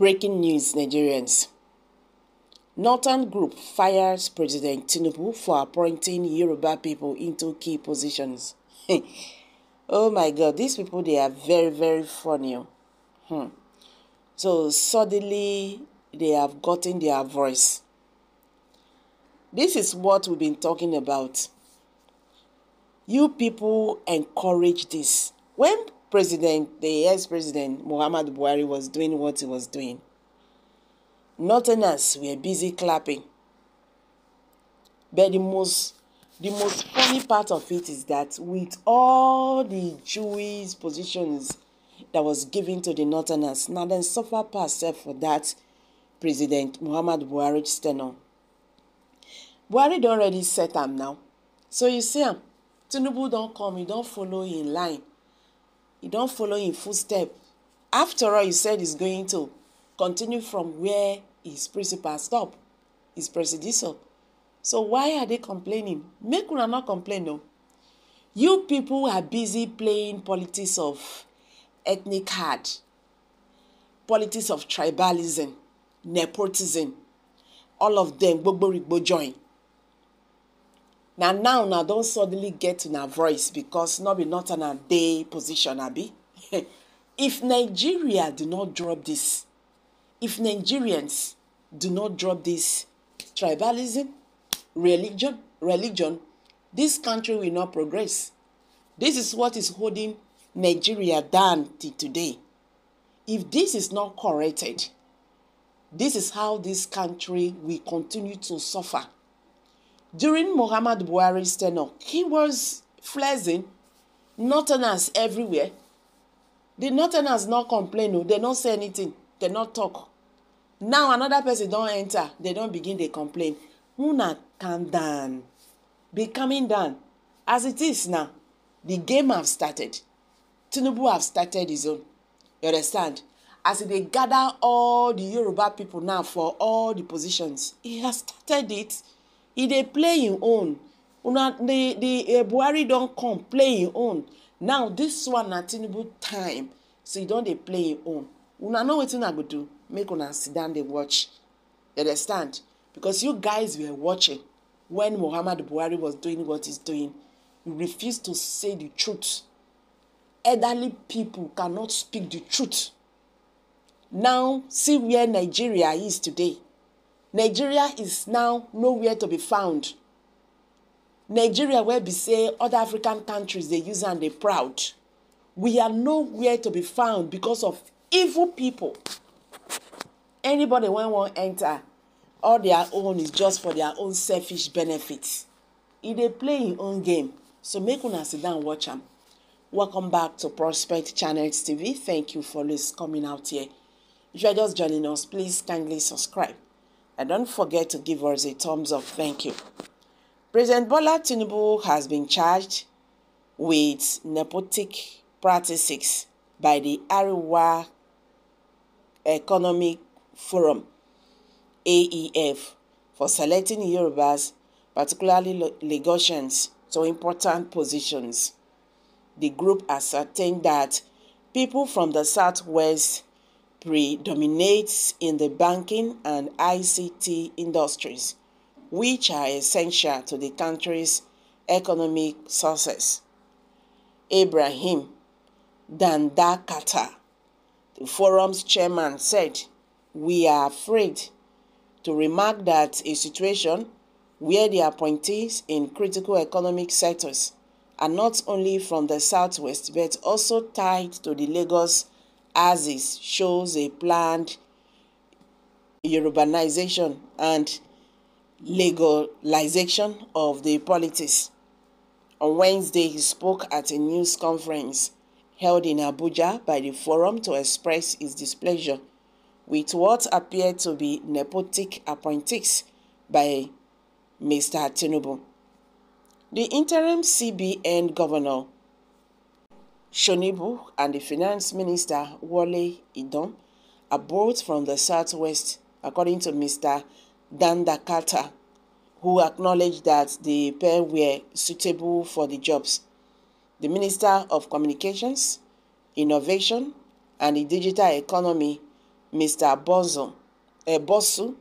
Breaking news Nigerians. Northern Group fires President Tinubu for appointing Yoruba people into key positions. oh my god, these people they are very, very funny. Oh. Hmm. So suddenly they have gotten their voice. This is what we've been talking about. You people encourage this. When president, the ex-president Muhammad Buhari was doing what he was doing. Northerners were busy clapping. But the most the most funny part of it is that with all the Jewish positions that was given to the Northerners, now then suffer pass for that President Muhammad Buhari tenure. Buhari don already set up now. So you see am, Tinubu don't come, e don't follow in line he don't follow him footstep after all he said he's going to continue from where his principal stop his predecessor so why are they complaining make una not complain o you people are busy playing politics of ethnic card politics of tribalism nepotism all of them gbogbo rigbo join na now na don suddenly get una voice because no be not na dey position abi if nigeria do not drop this, if nigerians do not drop this tribalism religion religion this country will not progress This is what is holding nigeria down till today if this is not corrected this is how this country will continue to suffer During Muhammad Buhari's tenure, he was flexing, northerners everywhere. The northerners not complain, no, oh, they don't say anything, they not talk. Now another person don't enter, they don't begin, they complain. Una calm down, be calming down. As it is now, the game have started. Tinubu have started his own. You understand? As they gather all the Yoruba people now for all the positions, he has started it e dey play im own una the the eh, buhari don come play im own now this one na tinubu time so e don dey play im own una know wetin i go do make una sit down dey watch you understand because you guys were watching when muhammadu buhari was doing what he's doing you refuse to say the truth elderly people cannot speak the truth now see where nigeria is today nigeria is now nowhere to be found nigeria where be say other african countries they use and they proud we are nowhere to be found because of evil people anybody when wan enter all their own is just for their own selfish benefits. If e they play im own game so make una sit down and watch them. welcome back to prospect channels tv thank you for this coming out here if you are just joining us please kindly subscribe And don't forget to give us a thumbs up. Thank you. President Bola Tinubu has been charged with nepotic practices by the Ariwa Economic Forum AEF for selecting Yorubas, particularly Lagosians, to important positions. The group ascertained that people from the southwest predominates in the banking and ICT industries, which are essential to the country's economic success. Ibrahim Dandakata, the forum's chairman, said, We are afraid to remark that a situation where the appointees in critical economic sectors are not only from the southwest but also tied to the Lagos as is shows a planned urbanization and legalization of the politics. On Wednesday, he spoke at a news conference held in Abuja by the forum to express his displeasure with what appeared to be nepotic appointees by Mr. Tinubu. The interim CBN governor Shonibu and the finance minister Wale Idom are both from the southwest, according to Mr. Dandakata, who acknowledged that the pair were suitable for the jobs. The Minister of Communications, Innovation and the Digital Economy, Mr. Bozo, Ebosu Bosu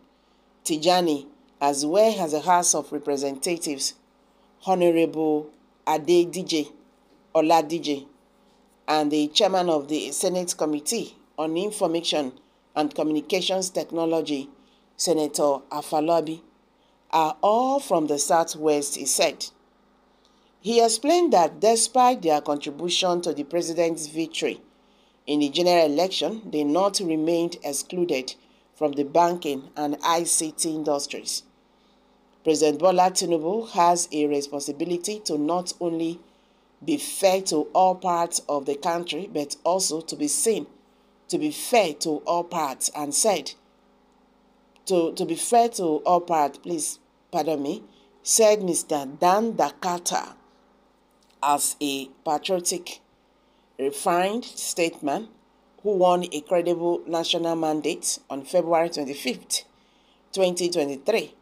Tijani, as well as the House of Representatives, Honorable Ade DJ, Ola DJ, and the chairman of the Senate Committee on Information and Communications Technology, Senator Afalabi, are all from the Southwest, he said. He explained that despite their contribution to the president's victory in the general election, they not remained excluded from the banking and ICT industries. President Bola Tinubu has a responsibility to not only be fair to all parts of the country, but also to be seen, to be fair to all parts, and said, to, to be fair to all parts, please pardon me, said Mr. Dan Dakata as a patriotic, refined statesman who won a credible national mandate on February 25th, 2023.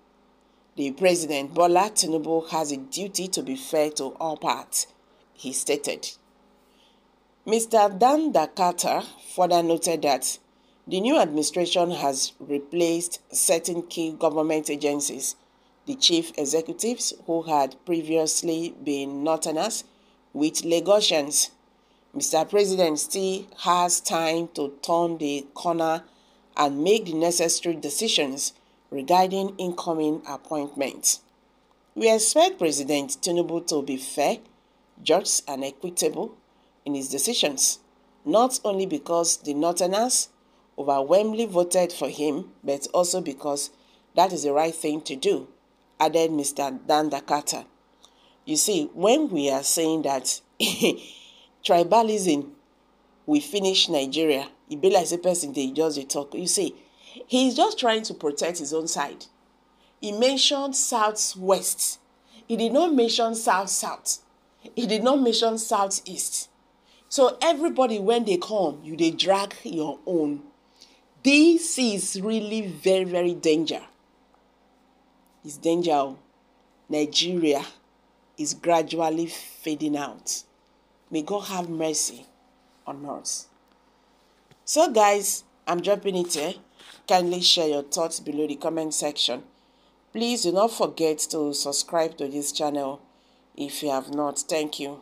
The President Bola Tinubu has a duty to be fair to all parts he stated. Mr. Dan Dakata further noted that the new administration has replaced certain key government agencies, the chief executives who had previously been Northerners, with Lagosians. Mr. President still has time to turn the corner and make the necessary decisions regarding incoming appointments. We expect President Tinubu to be fair just and equitable in his decisions, not only because the Northerners overwhelmingly voted for him, but also because that is the right thing to do, added Mr. Dandakata. You see, when we are saying that tribalism we finish Nigeria, it is a person they just talk. You see, he's just trying to protect his own side. He mentioned Southwest. He did not mention South South he did not mention southeast so everybody when they come you they drag your own this is really very very danger it's danger oh. nigeria is gradually fading out may god have mercy on us so guys i'm dropping it here kindly share your thoughts below the comment section please do not forget to subscribe to this channel if you have not. Thank you.